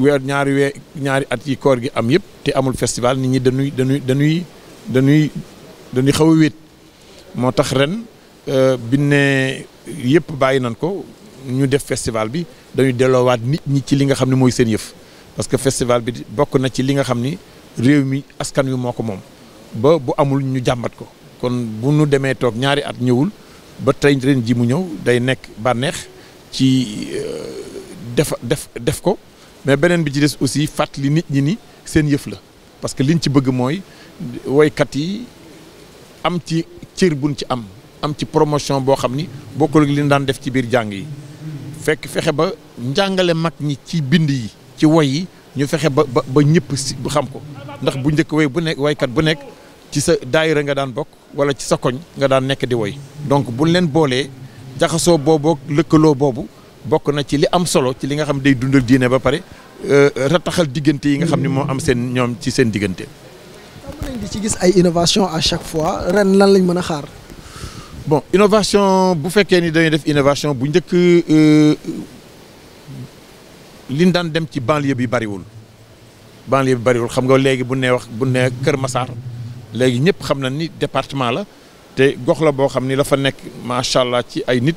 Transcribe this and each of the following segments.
weer ñaari weer ñaari at yi koor gi am yëpp te amul festival nit ñi dañuy dañuy dañuy dañuy dañuy xaw a wéet moo tax ren euh, bi ne yëpp bàyyi nañ ko ñu def festival bi dañuy delloowaat nit ñi ci li nga xam ne mooy seen yëf parce que festival bi bokk na ci li nga xam ni réew mi askan wi moo ko moom ba bu amul ñu jàmbat ko kon bu nu demee toog ñaari at ñëwul ba tey ji mu ñëw day nekk bànneex ci euh, def def def ko mais benen bi ci dess aussi fatli nit ñi ni seen yëf la parce que liñ ci bëgg way kat yi am ci cër buñ ci am am ci promotion bo xamni ni ak li ñu daan def ci biir jang yi fekk fexé ba njàngale mak ñi ci bind yi ci way yi ñu fexé ba ba ñëpp xam ko ndax bu way bu way kat bu nek ci sa daayira nga daan bok wala ci sa koñ nga daan nek di way donc buñ leen bolé jaxaso bobok lekkelo bobu bokk na ci li am solo ci li nga xam day dundal diine ba pare euh, rataxal diggante yi nga xam ni moo am seen ñoom ci seen diggante. nañ di ci gis ay innovation à chaque fois ren lan lañ mën a xaar. bon innovation bu fekkee ni dañuy def innovation bu njëkk euh, liñ daan dem ci banlieue bi bariwul banlieue bi bariwul xam nga léegi bu nee wax bu nee Kër Massar léegi ñëpp xam na ni département la te gox la boo xam ni la fa nekk macha allah ci ay nit.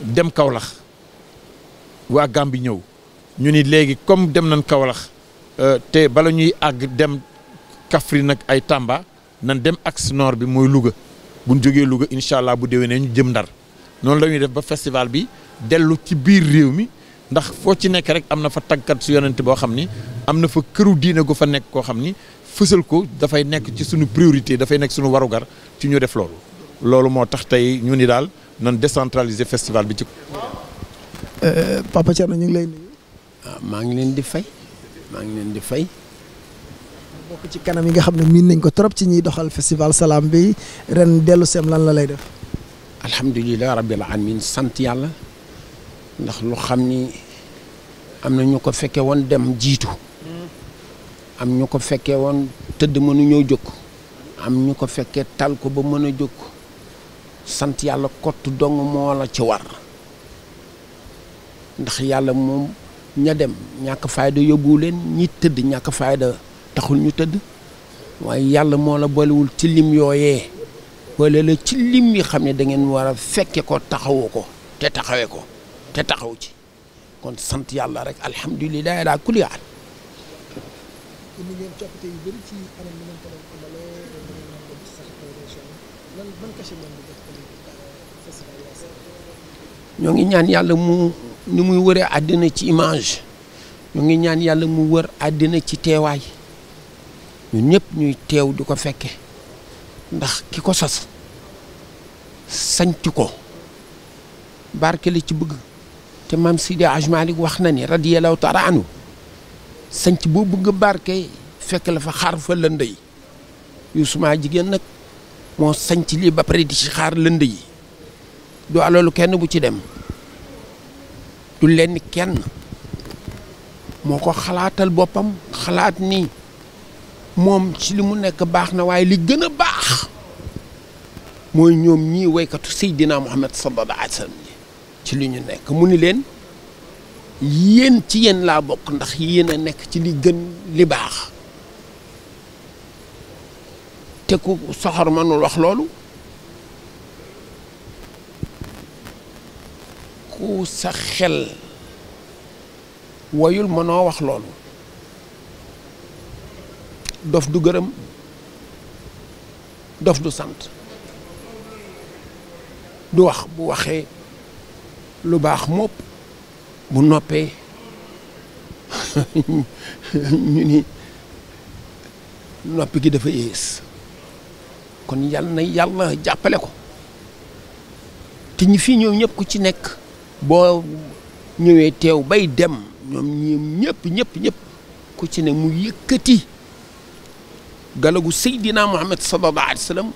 dem Kaolack waa Gàmbi ñëw ñu ni léegi comme dem nañ Kaolack euh, te bala ñuy àgg dem Kaffrine nag ay Tamba nan dem axe noor bi mooy Louga bu ñu jógee Louga incha allah bu déwénee ñu jëm Ndar noonu la ñuy def ba festival bi dellu ci biir réew mi ndax foo ci nekk rek am na fa tàggat su yonent boo xam ni am na fa këru diine gu fa nekk koo xam ni fësal ko dafay nekk ci suñu priorité dafay nekk suñu warugar ci ñu def loolu loolu moo tax tey ñu ni daal. non décentraliser festival bi ci. Euh, Papa Thierno ñu ngi lay nuyu. Ah, ma ngi leen di fay ma ngi trop festival salambi bi ren delu sem lan la lay def. rabbil alamin ñu ko dem jitu am ñu ko mënu ñoo juk am ñu sant yàlla kott dong moo la ci war ndax yàlla moom ña dem ñàkk fayda yóbbuwu leen ñi tëdd ñàkk fayda taxul ñu tëdd waaye yàlla moo la boolewul ci lim yooyee boole la ci lim yi xam ne dangeen wara war fekke ko taxawu ko te taxawee ko te taxaw ci kon sant yàlla rek alhamdulilah daa kulli at ñoo ngi ñaan yàlla mu ni muy wëree àddina ci image ñoo ngi ñaan yàlla mu wër àddina ci teewaay ñun ñëpp ñuy teew di ko fekke ndax ki ko sas sanc ko barke la ci bëgg te maam Sidi Aj Malik wax na ni radiyallahu taala anhu sanc boo bëgg barke fekk la fa xaar fa lënd yi Yuusuma jigéen nag moo sanc lii ba pare di ci xaar lënd yi du alalu kenn bu ci dem du lenn kenn moo ko xalaatal boppam xalaat ni moom ci li mu nekk baax na waaye li gën a baax mooy ñoom ñii woykatu Seydina Muhammad sallallahu alayhi wa ci li ñu nekk mu ni leen yéen ci yéen laa bokk ndax yéen a nekk ci li gën li baax te ku soxor mënul wax loolu ku sa xel wayul mënoo wax loolu dof du gërëm dof du sant du wax bu waxee lu baax mopp bu noppee ñu ni noppi gi dafa yées kon yàlla na yàlla jàppale ko te ñi fii ñëw ñëpp ku ci nekk boo ñëwee teew bay dem ñoom ñoom ñëpp ñëpp ñëpp ku ci ne mu yëkkati galagu Seydina Muhammad sallallahu alayhi wa sallam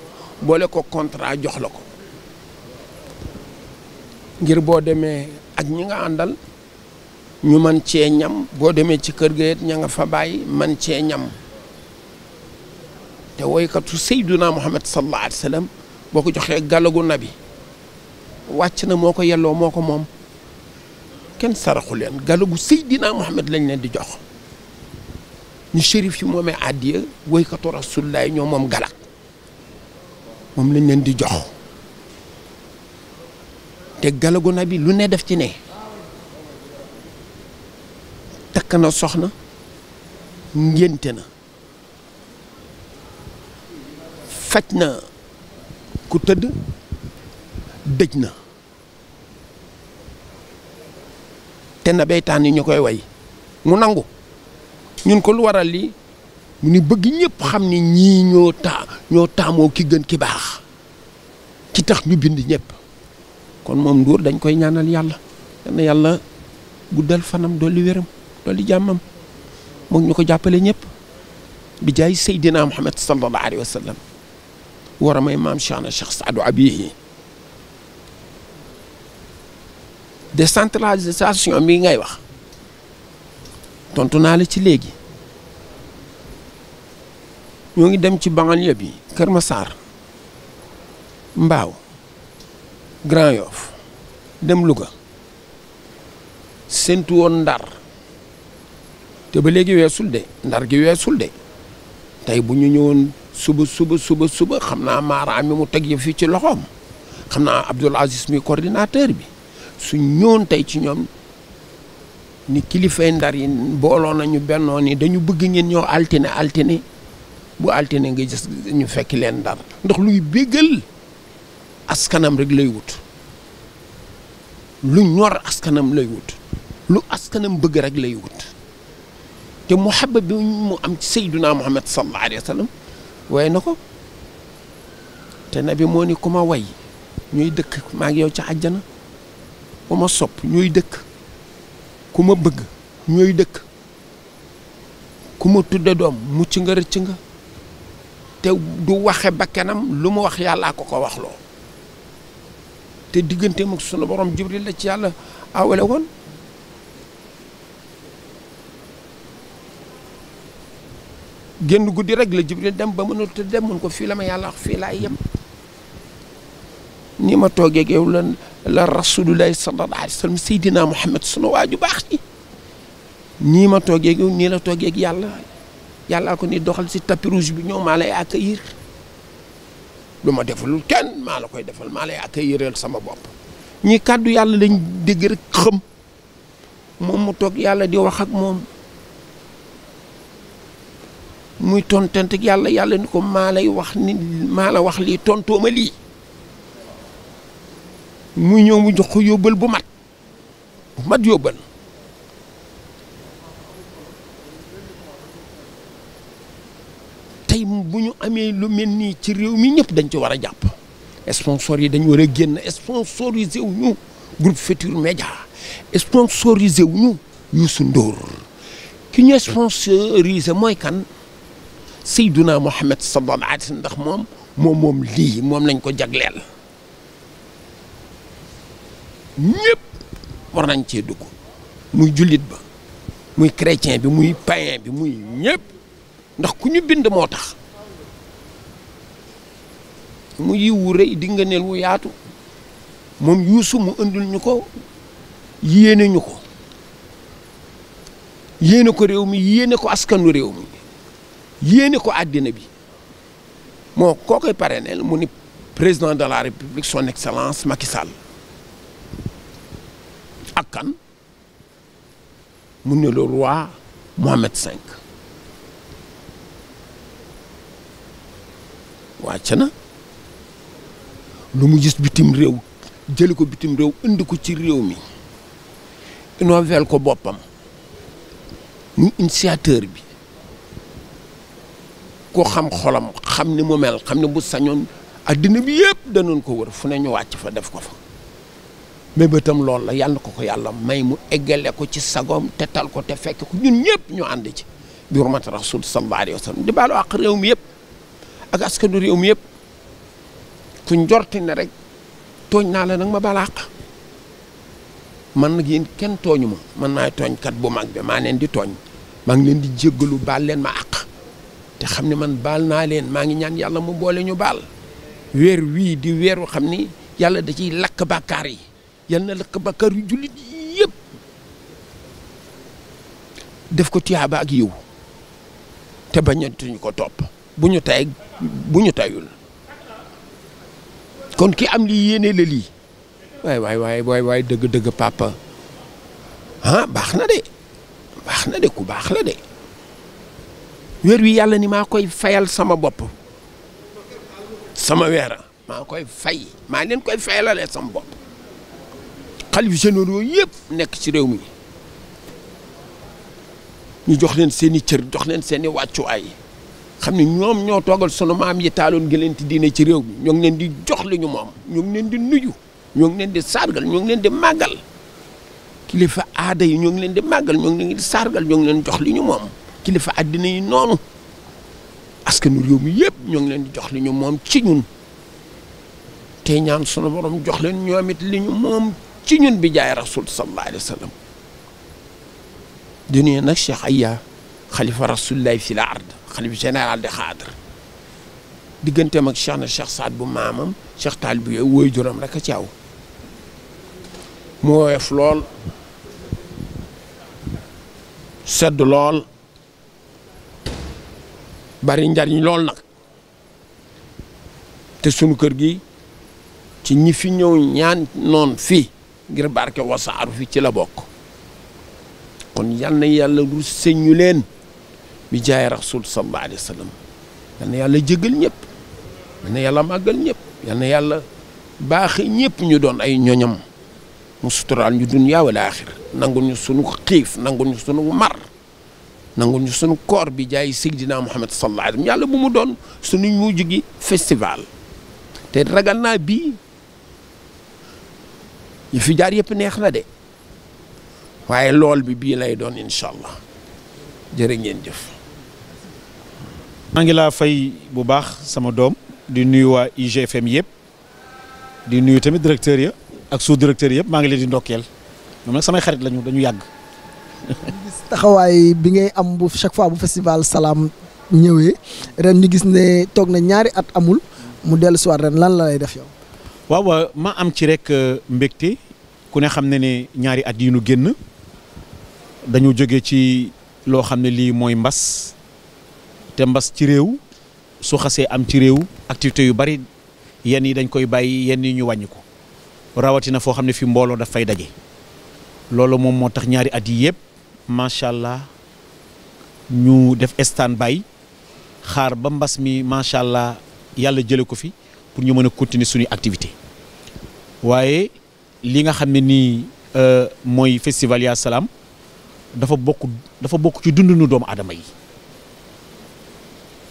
boole ko contrat jox la ko ngir boo demee ak ñi nga àndal ñu man cee ñam boo demee ci kër ga ña nga fa bàyyi man cee ñam te woykatu Seydina Muhammad sallallahu alayhi wa boo ko joxee galagu nabi wàcc na moo ko yelloo moo ko moom kenn saraxu leen galagu Seydina Muhammad lañ leen di jox ñu shérif yi moomee àddiya woykatu rasulilaay ñoo moom galag moom lañ leen di jox te galagu nabi lu ne def ci ne takk na soxna ngénte na faj na ku tëdd dëj na te na beytaan yi ñu koy way mu nangu ñun ko lu waral li mu ni bëgg ñëpp xam ni ñii ñoo taa ñoo taamoo ki gën ki baax ki tax ñu bind ñëpp kon moom Ndour dañ koy ñaanal yàlla na yàlla guddal fanam dolli wéram dolli jàmmam moom ñu ko jàppale ñëpp di jaay Seydina Muhammad sallallahu alayhi wa war a may maam Cheikhna Cheikh Saadu Abihi de décentralisation mi ngay wax tontu naa la ci léegi ñoo ngi dem ci banlieue bi Kër Massar Mbaaw Grand Yoff dem Louga séntu woon Ndar te ba léegi weesul de Ndar gi weesul de tey bu ñu ñëwoon suba suba suba suba xam naa Mara mi mu teg yëf fii ci loxoom xam naa Abdoul Aziz mi coordinateur bi. su ñoon tey ci ñoom ni kilifay ndar yi booloo nañu bennoo ni dañu bëgg ngeen ñoo altine altine bu altine nga gis ñu fekki leen ndar ndox luy béggal askanam rek lay wut lu ñor askanam lay wut lu askanam bëgg rek lay wut te muhabba bi mu am ci sayduna muhammad sallallahu alayhi waaye na ko te nabi moo ni ku ma way ñuy dëkk maa ngi yow ci àjjana ku ma sopp ñooy dëkk ku ma bëgg ñooy dëkk ku ma tudde doom mucc nga rëcc nga te du waxe ba kenam lu mu wax yàllaa ko ko waxloo te diggante mag sunu borom jibril la ci yàlla awale woon génn guddi rek la jibril dem ba mënul te dem mun ko fii la ma yàlla wax fii laay yem ni ma toogeeg yow lan la rasulullahi sallallahu alayhi wa sallam sayyidina Muhammad sunu waa ju baax ji nii ma toogeeg yow nii la toogeeg yàlla yàllaa ko ni doxal si tapis rouge bi ñëw maa lay accueillir lu ma defalul kenn maa la koy defal maa lay accueilliral sama bopp ñi kàddu yàlla lañ dégg rek xëm moom mu toog yàlla di wax ak moom muy tontante yàlla yàlla ni ko maa wax ni maa wax lii tontoo ma lii muy ñëw mu jox ko yóbbal bu mat bu mat yóbbal tey bu ñu amee lu mel nii ci réew mi ñëpp dañ ci war a jàpp sponsor yi dañ war a génn sponsorisé wu ñu groupe Futurs Médias sponsorisé wu ñu Youssou Ndour ki ñu sponsorisé mooy kan Seydouna Mohamed sallallahu alayhi wa sallam ndax moom moom moom lii moom lañ ko jagleel ñëpp war nañ cee dugg muy jullit ba muy chrétien bi muy payen bi muy ñëpp ndax ku ñu bind moo tax mu yiw wu rëy di nga neel wu yaatu moom yuusu mu indil ñu ko yéene ñu ko yéene ko réew mi yéene ko askanu réew mi yéene ko àddina bi moo koo koy parrainé mu ni président de la république son excellence Macky Sall kan mu ne le roi Mohamed V wàcc na lu mu gis bitim réew jëli ko bitim réew indi ko ci réew mi innovel ko boppam ñu initiateur bi ko xam xolam xam ni mu mel xam ni bu sañoon addina bi yëpp danoon ko war fu ne ñu ci fa def ko fa mébétam loolu la yàlla ko ko yàlla may mu eggale ko ci sagoom te tal ko te fekk ko ñun ñëpp ñu ànd ci bi hurmati rasul sallallahu alayhi wa sallam di baalu àq réew mi yëpp ak askanu réew mi yëpp ku njorti ne rek tooñ naa la nag ma baal àq man nag yéen kenn tooñu ma man maay tooñkat bu mag bi maa leen di tooñ maa ngi leen di jéggalu baal leen ma àq te xam ne man baal naa leen maa ngi ñaan yàlla mu boole ñu baal weer wii di weer weeru xam ni yàlla da ciy lakk bàkkaar yi yal na lakk bàkkaar yu jullit yëpp def ko tiyaaba ak yow te bañatuñu ko topp bu ñu tay bu ñu tayul kon ki am lii yéene la lii waaye waay waay dëgg dëgg papa ah baax na de baax na de ku baax la de weer wi yàlla ni maa koy fayal sama bopp sama weera maa koy fay maa leen koy fayalale sama bopp xalif généraux yëpp nekk ci réew mi ñu jox leen seeni i cër jox leen seeni i wàccuwaay xam ne ñoom ñoo toogal sunu maam yi taaloon gëlenti diine ci réew mi ñoo ngi leen di jox li ñu moom ñoo ngi leen di nuyu ñoo ngi leen di sargal ñoo ngi leen di màggal kilifa aada yi ñoo ngi leen di màggal ñoo ngi di sargal ñoo ngi leen jox li ñu moom kilifa àddina yi noonu askanu réew mi ñoo ngi leen di jox li moom ci ñun tey ñaan sunu borom jox leen ñoom it moom تشينون بجاي رسول صلى الله عليه وسلم دنيا نشي حيا خليفة رسول الله في الأرض خليفة جنرال عبد الخادر ديغنتي ماك شيخنا الشيخ سعد بو مامم شيخ طالب وي جورم رك تياو مو اف لول سد لول باري نجارني لول نك تي سونو كيرغي تي ني في نيو نيان نون في ngir barke wasaaru fi ci la bokk kon yal na yàlla ru sëñu leen bi jaay rasul sallallahu alayhi wa yàlla jëgal ñëpp yal yàlla màggal ñëpp yàlla baax ñëpp ñu doon ay ñoñam mu suturaal ñu dunyaa wal aaxir nangu ñu sunu xiif nangul ñu sunu mar nangul ñu sunu koor bi jaay seydina muhammad sallallahu alayhi wa yàlla bu mu doon sunu mujj gi te ragal naa bii yi fi jaar yëpp neex na de waaye lool bi bii lay doon incha allah jërë jëf. maa ngi laa fay bu baax sama doom di nuyu waa IGFM yëpp di nuyu tamit directeur ya ak sous directeur yëpp maa ngi leen di ndokkeel ñoom nag samay xarit lañu dañu yàgg. taxawaay bi ngay am bu chaque fois bu festival salaam ñëwee ren ñu gis ne toog na ñaari at amul mu dellu si waat ren lan la lay def yow. waaw ma am ci rek euh, mbégte ku ne xam ne ne ñaari at yi nu génn dañu jóge ci loo xam ne lii mooy mbas te ci réew su am ci réew activité yu bari yenn yi dañ koy bàyyi yenn yi ñu wàññi ko rawatina foo xam ne fi mbooloo daf fay daje loolu moom moo tax ñaari at yi bai, har allah ñu def stand by xaar ba mi macha allah yàlla jële ko fi pour ñu mën continuer activité waaye li nga xam ne nii euh, mooy festival yaa salaam dafa bokk dafa bokk ci dundunu doomu aadama yi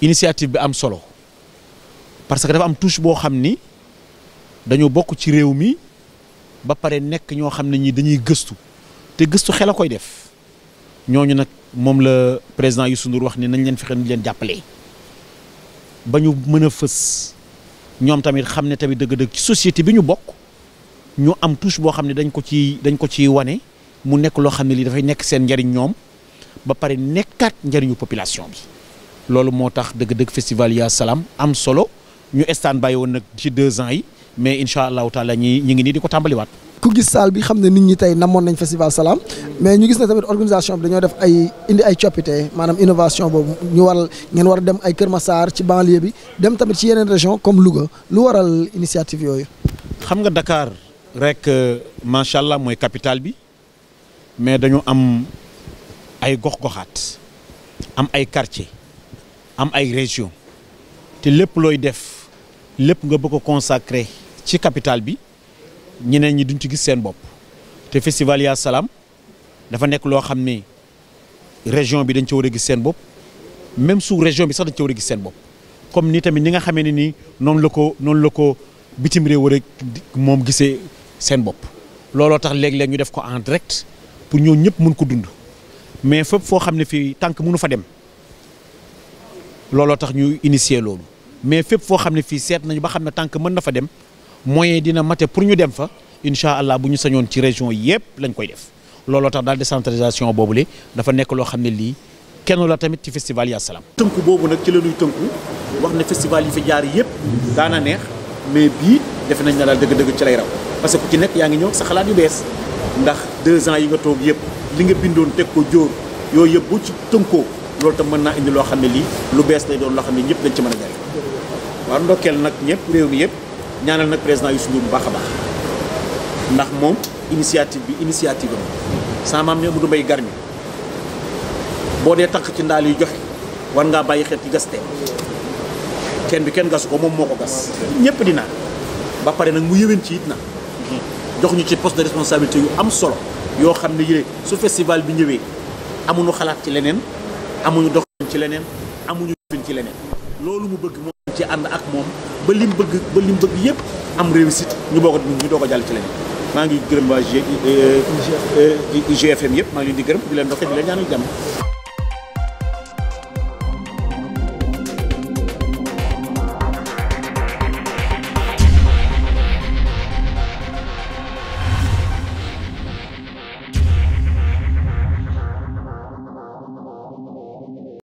initiative bi am solo parce que dafa am touche boo xam ni dañoo bokk ci réew mi ba pare nekk ñoo xam ne ñi dañuy gëstu te gëstu xel a koy def ñooñu nag moom la président yi sunu wax ni nañ leen fexe ñu leen jàppale ba ñu mën a fës ñoom tamit xam ne tamit dëgg-dëgg ci société bi ñu bokk ñu am touche boo xam ne dañ ko ci dañ ko ciy wane mu nekk loo xam ne lii dafay nekk seen njariñ ñoom ba pare nekkaat njariñu population bi loolu moo tax dëgg-dëgg festival ya salaam am solo ñu estaan bàyyi woon nag ci deux ans yi mais incha allahu taala ñi ñi ngi nii di ko tàmbaliwaat. ku gis salle bi xam ne nit ñi tey namoon nañ festival salaam mais ñu gis ne tamit organisation bi dañoo def ay indi ay coppite maanaam innovation boobu ñu waral ngeen war a dem ay Kër Massar ci banlieue bi dem tamit ci yeneen région comme Louga lu waral initiative yooyu. xam nga Dakar. rek euh, macha allah mooy capital bi mais dañu am ay gox-goxaat am ay quartier am ay région te lépp looy def lépp nga bëgg a consacré ci capital bi ñeneen ñi duñ ci gis seen bopp te festival Ya Salam dafa nekk loo xam ne région bi dañ ci war a gis seen bopp même sous région bi sax dañ ci war gis seen bopp comme ni tamit ni nga xamee ni nii noonu la ko noonu la ko bitim réew war a moom gisee seen bopp looloo tax léeg-léeg ñu def ko en direct pour ñoo ñëpp mën ko dund mais fépp foo xam ne fii tànk mënu fa dem looloo tax ñu initier loolu mais fépp foo xam ne fii seet nañu ba xam ne tànk mën na fa dem moyen dina mate pour ñu dem fa incha allah bu ñu sañoon ci région yëpp lañ koy def looloo tax daal boobu boobule dafa nekk loo xam ne lii kenn la tamit ci festival yi asalaam. tënku boobu nag ci la tënku wax ne festival defe nañ ne daal dëgg-dëgg ci lay raw parce que ci nekk yaa ngi ñëw sa xalaat yu bees ndax deux ans yi nga toog yëpp li nga bindoon teg ko jóor yooyu yëpp bu ci tënkoo loolu tam mën naa indi loo xam ne lii lu bees lay doon loo xam ne ñëpp dañ ci mën a jariñ waaw ndokkeel nag ñëpp réew yëpp ñaanal nag président Youssou Ndour bu baax a moom initiative bi initiative am sama maam ñoom du mbay gar mi boo dee tànq ci ndaal yi joxe war ngaa bàyyi xel ci gaste bi kenn gasu ko moom moo ko gas ñëpp di naan ba pare nag mu yëwén ci it na jox ñu ci poste de responsabilité yu am solo yoo xam ne yile su festival bi ñëwee amuñu xalaat ci leneen amuñu doxin ci leneen amuñu defin ci leneen loolu mu bëgg moom ci ànd ak moom ba lim bëgg ba lim bëgg yëpp am réussite ñu boo ko ñu doo ko jàll ci leneen maa ngi gërëm waa G IGFM e, yëpp maa ngi leen di gërëm di leen doxee di leen ñaanal jàmm